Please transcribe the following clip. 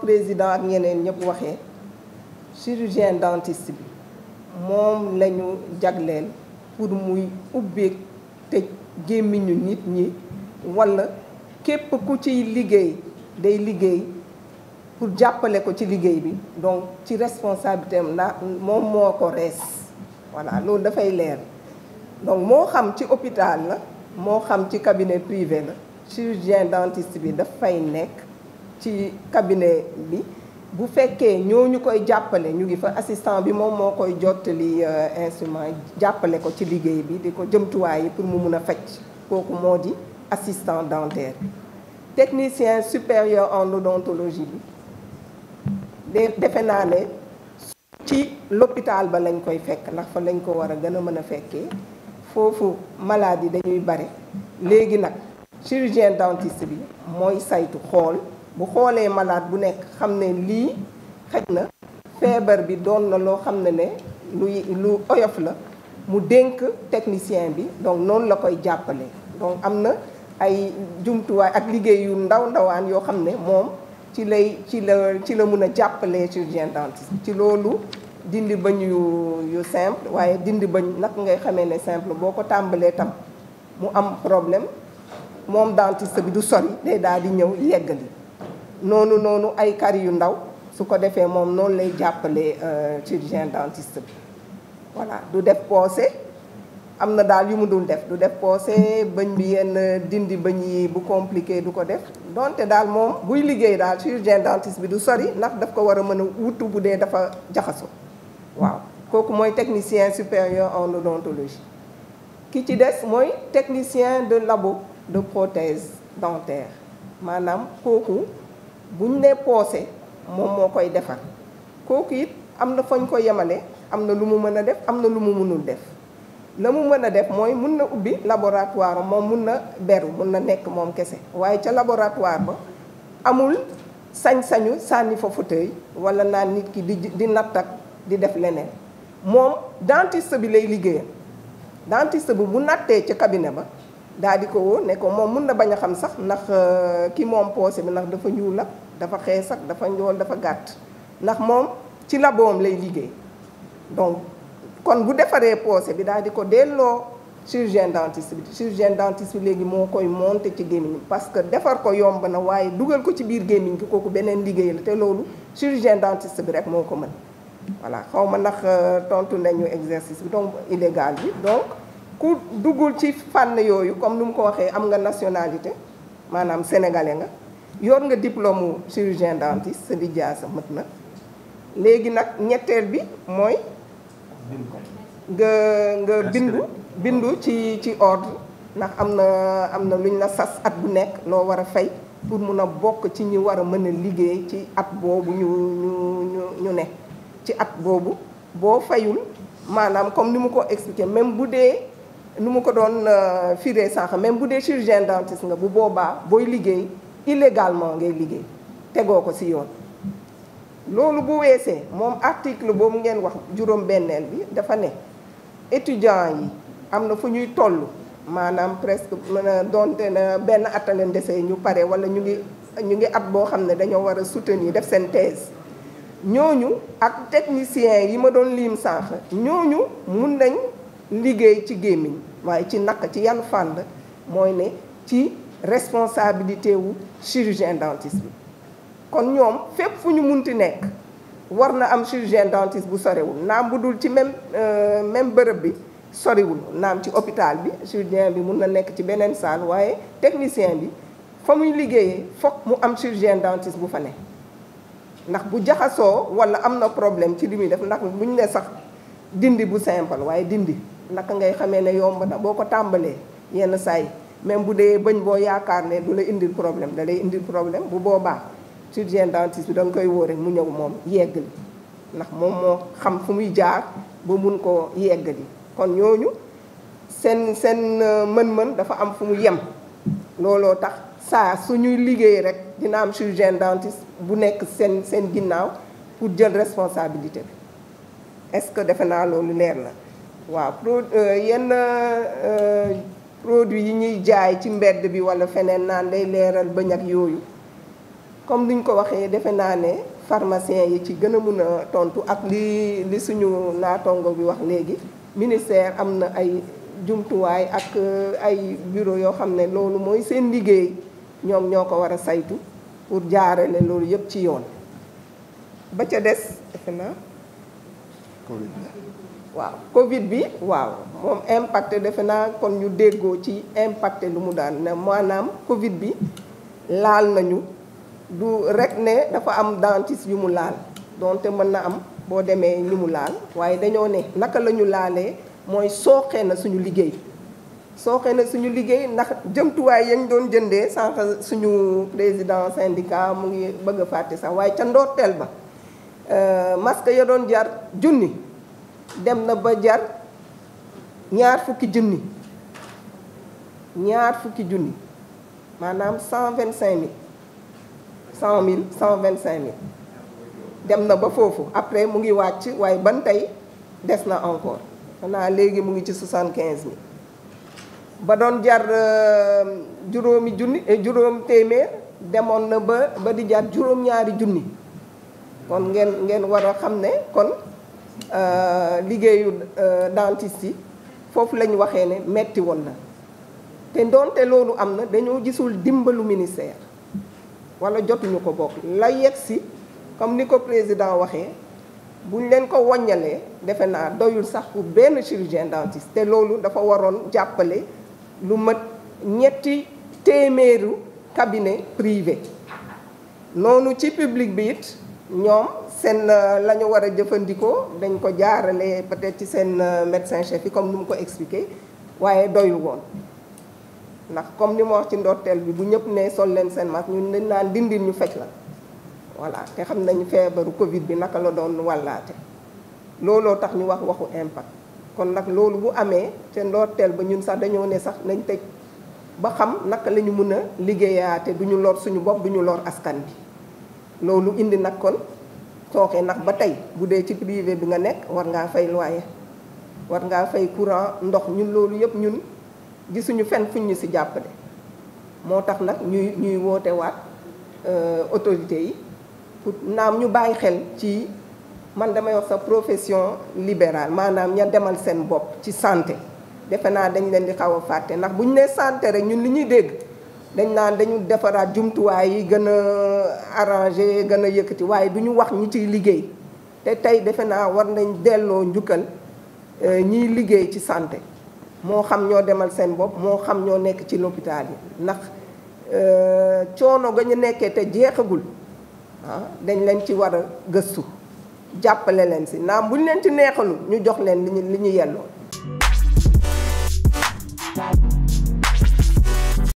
président ak ñeneen chirurgien dentiste bi moom la pour muy ubbeeg te gémmiñu nit ñi képp ku day pour ko ci bi donc ci responsabilité moom moo voilà donc xam hôpital la xam cabinet privé la chirurgien dentiste bi ci cabinet bi bu fekkee ñoo ñu koy jàppale ñu ngi fa assistant bi moom moo koy jottali euh, instrument jàppale ko ci liggéey bi di ko jëmtuwaay yi pour mu mun a faj kooku moo di assistant dentaire bi technicien supérieur en odontologie bi de defe naa ne ci l'hôpital ba lañ koy fekk ndax fa lañ ko war a gën a mën a fekkee foofu malade yi dañuy bare léegi nag chirurgien dentiste bi mooy saytu xool bu xoolee malaat bu nekk xam ne lii xëj na feebar bi doon na loo xam ne ne luy lu oyof la mu dénk technicien bi donc noonu la koy jàppale donc am na ay jumtuwaay ak liggéey yu ndaw ndawaan yoo xam ne moom ci lay ci la ci la mun a jàppale chirurgien dentiste ci loolu dindi bëñ yu yu simple waaye dindi bëñ nag ngay xamee ne simple boo ko tàmbalee tam mu am problème moom dentiste bi du sori day daal di ñëw yeggali Non, non, ay kar yu ndaw su ko defé mom non lay euh, chirurgien dentiste voilà du def posé amna dal yu mu def du def posé bi yenn dindi yi bu compliqué du ko def donte dal mom buy liggéey dal chirurgien dentiste bi du sori ndax daf ko wara a Wow. wutu bu dafa jaxaso waaw technicien supérieur en odontologie Qui ci dess technicien de labo de prothèse dentaire manam koku buñ ne poose moom moo koy defar kooku it am na fañ ko yemale am na lu mu mën a def am na lu mu mënul def la mu mën a def mooy mun na ubbi laboratoire moom mun na beru mun na nekk moom kese waaye ca laboratoire ba amul sañ-sañu sànni fa fauteuil wala naan nit ki di di natt ak di def leneen moom dentiste bi lay liggéeyam dentiste bi bu nattee ca cabinet ba daal di ko woo ne ko moom mun na bañ a xam sax ndax euh, ki moom poosé bi ndax dafa ñuul ak dafa xees ak dafa njool dafa gàtt ndax moom ci laboom lay liggéey donc kon bu defaree poosé bi daal di ko delloo chirurgien dentiste bi chirurgien dentiste bi léegi moo koy monter ci gémmiñ parce que defar ko yomb na waaye dugal ko ci biir gémmiñ ki kooku beneen liggéey la te loolu chirurgien dentiste bi rek moo ko mën voilà xaw ma ndax euh, tontu nañu exercice bi donc illégal bi donc ku duggul ci fànn yooyu comme ni mu ko waxee am nga nationalité maanaam sénégalais nga yor nga diplôme mu chirurgien dentiste sa lijaasa mët na léegi nag ñetteel bi mooy nga nga bindu bindu ci ci ordre ndax am na am na lu ñu la sas at bu nekk loo war a fay pour mun a bokk ci ñu war a mën a liggéey ci at boobu ñu ñu ñu ñu ne ci at boobu boo fayul maanaam comme ni mu ko expliqué même bu dee nu mu ko doon euh, firee sànq même bu dee chirurgien dentiste nga bu boobaa booy liggéey illégalement ngay liggéey tegoo ko ci yoon loolu bu weesee moom article boobu ngeen wax juróom benneel bi dafa ne étudiant yi am na fu ñuy toll maanaam presque mën a donte na benn at a leen ñu pare wala ñu ngi ñu ngi at boo xam ne dañoo war a soutenir def seen thèse ñooñu ak technicien yi ma doon liim sànq ñooñu mun nañ liggéey ci gémmiñ waaye ci naka ci yan fànn mooy ne ci responsabilité wu chirurgien dentiste bi kon ñoom fépp fu ñu mun munti nekk war na am chirurgien dentiste bu sorewul naam bu dul ci même euh, même bërëb bi soriwul naam ci hôpital bi chirurgien bi mun na nekk ci beneen salle waaye technicien bi fa muy liggéeyee foog mu am chirurgien dentiste bu fa ne ndax bu jaxasoo walla am na problème ci li muy def ndax bu ñu ne sax dindi bu simple waaye dindi naka ngay xamee ne yomb na boo ko tàmbalee yenn saa yi même bu dee bañ boo yaakaar ne du la indil problème da lay indil problème bu boobaa chirurgien dentiste bi da koy woo rek mu ñëw moom yeggali ndax moom moo xam fu muy jaar ba mun koo yeggali kon ñooñu seen seen euh, mën-mën dafa am fu mu yem looloo tax saa suñuy liggéey rek dina am chirurgien dentiste bu nekk seen seen ginnaaw pour jël responsabilité bi est-ce que defe naa loolu neer la waaw pro euh, yenn euh, produit yi ñuy jaay ci mbedd bi walla feneen naan day leeral bëñ ak yooyu comme luñ ko waxee defe naa ne pharmacien yi ci gën a mun a tontu ak li li suñu naatongo bi wax léegi ministère am na ay jumtuwaay ak euh, ay bureau yoo xam ne loolu mooy seen liggéey ñoom ñoo ko war a saytu pour jaarale loolu yëpp ci yoon ba ca des defe naa waaw Covid bi waaw moom impacté defe naa kon ñu déggoo ci impacté lu mu daan ne maanaam Covid bi laal nañu du rek ne dafa am dentiste yu mu laal donte mën na am boo demee ñu mu laal waaye dañoo ne naka la ñu laalee mooy sooxee na suñu liggéey sooxee na suñu liggéey ndax jëmtuwaay yañ doon jëndee sànq suñu président syndicat mu ngi bëgg a fàtte sax waaye ca ndoorteel ba euh, masque ya doon jar junni dem na ba jar ñaar fukki junni ñaar fukki junni maanaam cent vingt cinq mille cent mille cent vingt cinq mille dem na ba foofu après mu ngi wàcc waaye ban tey des na encore xanaa léegi mu ngi ci soixante quinze mille ba doon jar euh, juróomi junni eh, juróom téeméer demoon na ba ba di jar juróom-ñaari junni kon ngeen ngeen war a xam ne kon Euh, liggéeyu euh, dentiste yi foofu la ñu waxee ne metti woon na te doonte loolu am na dañoo gisul dimbalu ministère wala jotuñu ko bokk la yegg si comme ni ko président waxee ñu leen ko waññalee defe naa doyul sax pour benn chirurgien dentiste te loolu dafa waroon jàppale lu mat ñetti téeméeru cabinet privé noonu ci public bi it ñoom sen euh, lañu wara jëfëndiko dañ ko jaarale peut-être ci sen euh, médecin chef yi comme ni ko expliquer waaye doyul won nak comme ni mo wax ci ndortel bi bu ñëpp né sol leen seen masque ñun dañ naan dindil ñu faj la voilà té xam nañu feebaru Covid bi naka la doon wàllaate looloo tax ñu wax waxu impact kon nak loolu bu amé té ndortel ba ñun sax dañoo né sax nañ tej ba xam naka lañu mëna mën a liggéeyaate du lor suñu bop duñu ñu lor askan bi loolu indi nag kon kooke ndax ba tey bu dee ci privé bi nga nekk war ngaa fay loyer war ngaa fay courant ndox ñun loolu yëpp ñun gisuñu fenn fuñ ñu si jàppale moo tax nag ñuy ñuy woote waat euh, autorité yi pour naam ñu bàyyi xel ci man damay wax sa profession libérale maanaam ña demal seen bopp ci santé defe naa dañ leen di xaw a fàtte ndax bu ñu nee santé rek ñun li ñuy dégg dañ naan dañu defaraat jumtuwaay yi gën a arrangé gën a yëkkati waaye du ñu wax ñi ciy liggéey te tey defe naa war nañ delloo njukkal euh, ñiy liggéey ci santé moo xam ñoo demal seen bopp moo xam ñoo nekk ci l'hôpital yi ndax euh, coono ga ñu nekkee te jeexagul ah dañ leen ci war a gëstu jàppale leen si naam bu leen ci neexalu ñu jox leen li ñu li ñu yelloo